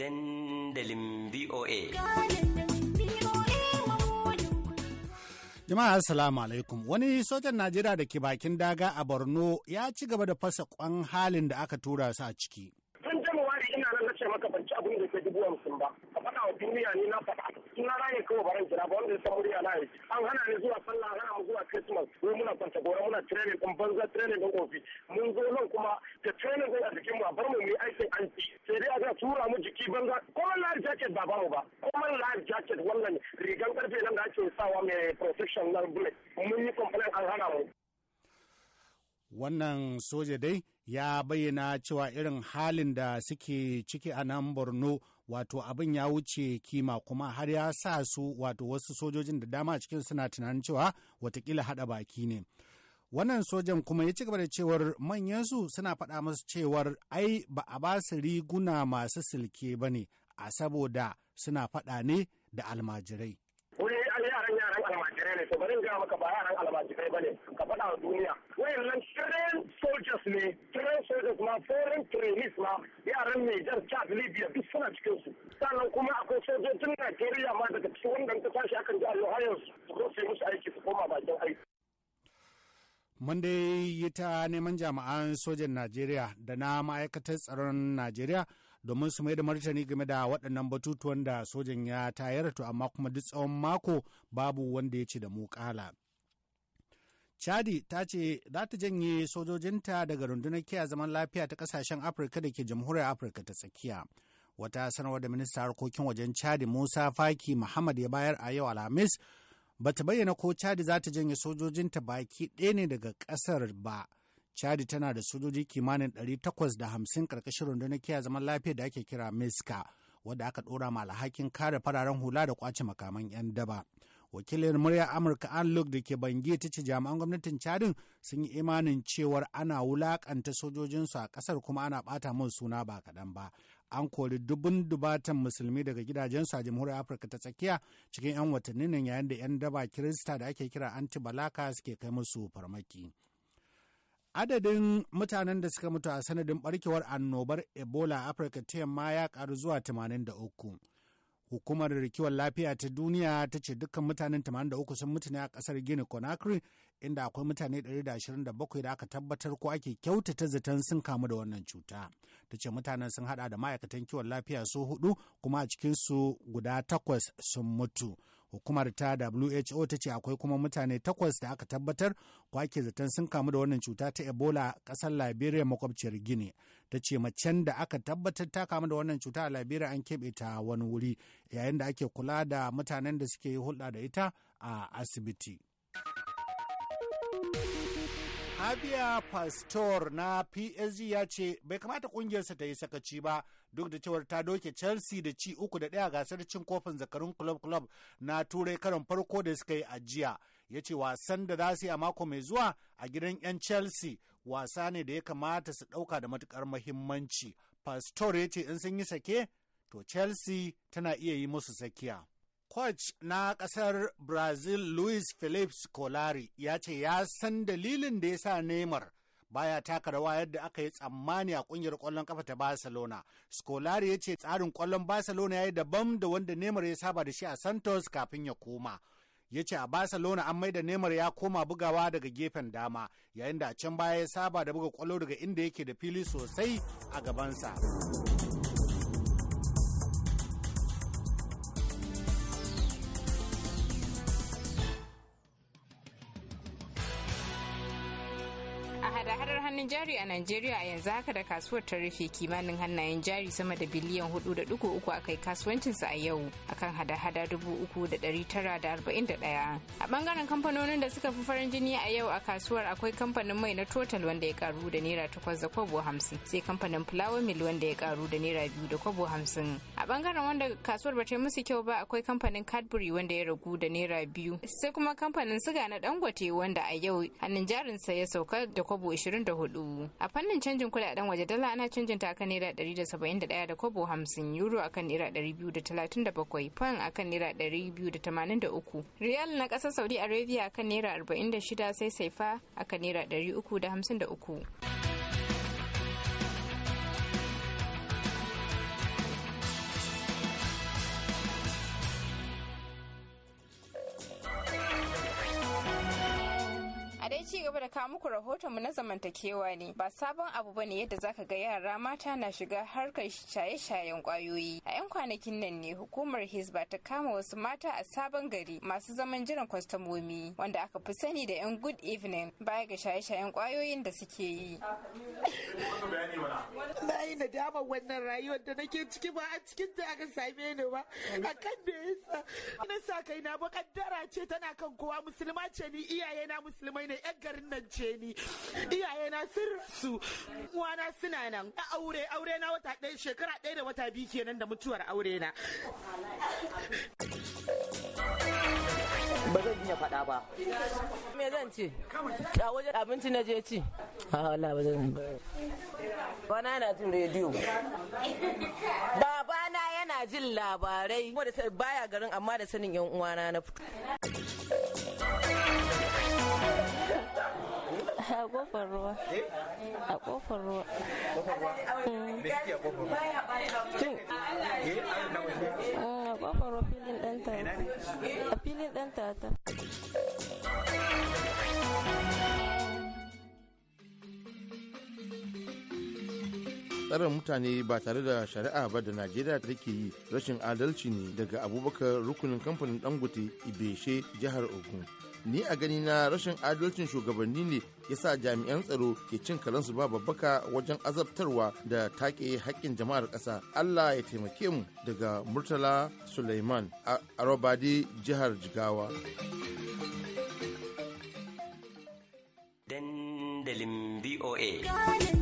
dandalin VOA. Jama'a Assalamu alaikum wani sojan Najeriya da ke bakin daga a Borno ya ci gaba da fasa kwan halin da aka tura su a ciki. Tun jama'a ina nan na ce maka ban ci abin da ke dubu hamsin ba. Ka faɗa wa duniya ni na faɗa suna na ne kawai baran kira ba wanda ya san muriya na an hana ni zuwa sallah hana mu zuwa christmas mu muna kwanta gora muna training din banza training din ofi mun zo nan kuma da training din a jikin mu a bar mu mu yi aikin an sai dai a ga tura mu jiki banza kuma life jacket ba bamu ba kuma life jacket wannan rigan karfe nan da ake sawa mai protection na bullet mun yi complaint an hana mu wannan soja dai ya bayyana cewa irin halin da suke ciki a nan borno wato abin ya wuce kima kuma har ya sa su wato wasu sojojin da dama cikin suna tunanin cewa watakila haɗa baki ne wannan sojan kuma ya ci gaba da cewar manyansu suna faɗa masu cewar ai ba a ba su riguna masu silke ba ne a saboda suna faɗa ne da almajirai almajirai ne to bari in gaya maka ba yaran almajirai bane ka faɗa wa duniya wayannan train soldiers ne train soldiers ma foreign trainees ma yaran Niger Chad Libya duk suna cikin su Mun dai yi ta neman jami'an sojan Najeriya da na ma'aikatar tsaron Najeriya domin su mai da martani game da waɗannan batutuwan da sojan ya tayar to amma kuma duk tsawon mako babu wanda ya ce da mu kala. Chadi ta ce za ta janye sojojinta daga rundunar kiyaye zaman lafiya ta ƙasashen Afirka da ke jamhuriyar Afirka ta tsakiya. wata sanarwar da ministan harkokin wajen chadi musa faki muhammad ya bayar a yau alhamis ba ta bayyana ko chadi za ta janye sojojinta baki ɗaya ne daga ƙasar ba chadi tana da sojoji kimanin ɗari takwas 850 ƙarƙashin rundunar kiyaye zaman lafiya da ake kira miska wadda aka ɗora ma alhakin kare fararen hula da kwace makaman 'yan daba. wakilin murya amurka an luk da ke bangi ta ce jami'an gwamnatin chadin sun yi imanin cewar ana wulakanta sojojinsu a kasar kuma ana bata mun suna ba kaɗan ba an kori dubun dubatan musulmi daga gidajensu a jamhuriyar afirka ta tsakiya cikin 'yan watannin nan yayin da 'yan daba kirista da ake kira anti-balaka suke kai musu farmaki adadin mutanen da suka mutu a sanadin barkewar annobar ebola a afirka ta yamma ya karu zuwa 83 hukumar kiwon lafiya ta duniya ta ce dukkan mutanen 83 sun mutu ne a kasar gini conakry inda akwai mutane 127 da aka tabbatar ko ake kyautata zaton sun kamu da wannan cuta ta ce mutanen sun hada da ma'aikatan kiwon lafiya su hudu kuma a cikinsu guda takwas sun mutu hukumar ta who ta ce akwai kuma mutane takwas da aka tabbatar ko ake zaton sun kamu da wannan cuta ta ebola kasar liberia makwabciyar gini ta ce macen da aka tabbatar ta kamu da wannan cuta a Liberia an keɓe ta wani wuri yayin da ake kula da mutanen da suke hulɗa da ita a asibiti. Abia Pastor na PSG ya ce bai kamata kungiyarsa ta yi sakaci ba duk da cewar ta doke Chelsea da ci uku da ɗaya gasar cin kofin zakarun club club na turai karon farko da suka yi ajiya. ya ce wasan da za su yi a mako mai zuwa a gidan 'yan chelsea wasa ne da ya kamata su ɗauka da matukar mahimmanci pastor ya ce in sun yi sake to chelsea tana iya yi musu sakiya coach na ƙasar brazil luis felipe scolari ya ce ya san dalilin da ya sa neymar baya taka rawa yadda aka yi tsammani a kungiyar kwallon kafa ta Barcelona. Scolari ya ce tsarin kwallon Barcelona ya yi daban da wanda Neymar ya saba da shi a Santos kafin ya koma. ya ce a barcelona an maida neymar ya koma bugawa daga gefen dama yayin da a can baya ya saba da buga kwallo daga inda yake da fili sosai a gabansa. hannun jari a Najeriya a yanzu haka da kasuwar ta rufe kimanin hannayen jari sama da biliyan 4.3 a kai kasuwancinsa a yau akan hada-hada 3,941. A bangaren kamfanonin da suka fi farin jini a yau a kasuwar akwai kamfanin mai na Total wanda ya karu da naira 8 da kwabo 50 sai kamfanin Flower Mill wanda ya karu da naira 2 A bangaren wanda kasuwar ba ta yi musu kyau ba akwai kamfanin Cadbury wanda ya ragu da naira 2 sai kuma kamfanin siga na Dangote wanda a yau hannun jarinsa ya sauka da kwabo 24 hudu a fannin canjin kudaden waje dala ana canjin ta akan naira dari da saba'in da ɗaya da kobo hamsin euro akan naira dari biyu da talatin da bakwai fan akan naira dari biyu da tamanin da uku riyal na kasar saudi arabia akan naira arba'in da shida sai saifa akan naira dari uku da hamsin da uku. gaba da kawo muku rahotonmu na zamantakewa ne ba sabon abu bane yadda zaka ga yara mata na shiga harkar shaye-shayen kwayoyi a 'yan kwanakin nan ne hukumar hisba ta kama wasu mata a sabon gari masu zaman jiran kwastamomi wanda aka fi sani da 'yan good evening baya ga shaye-shayen kwayoyin da suke yi na yi nadamar wannan rayuwar da nake ciki ba a cikin da aka same ni ba a kan da yasa na sa kai na ba kaddara ce tana kan kowa musulma ce ni iyaye na musulmai ne yan gari birnance ni iyaye na sir su wana suna nan a aure aure na wata ɗaya shekara ɗaya da wata biyu kenan da mutuwar aure na ba zan iya faɗa ba. Me zan ce? A wajen abinci na je ci. A wala ba zan ba Bana yana jin rediyo. baba na yana jin labarai. Wanda baya garin amma da sanin 'yan uwana na fito. Eh? a kofar ruwa mm. a kofar eh, ah, ruwa filin dan a filin ta tsarin mutane ba tare da shari'a ba da najeriya da take yi rashin adalci ne daga abubakar rukunin kamfanin dangote ibeshe jihar ogun ni a gani na rashin adalcin shugabanni ne ya sa jami'an tsaro ke cin kalansu ba babbaka wajen azabtarwa da take haƙƙin jama'ar ƙasa allah ya taimake mu daga murtala suleiman a jihar jigawa dandalin voa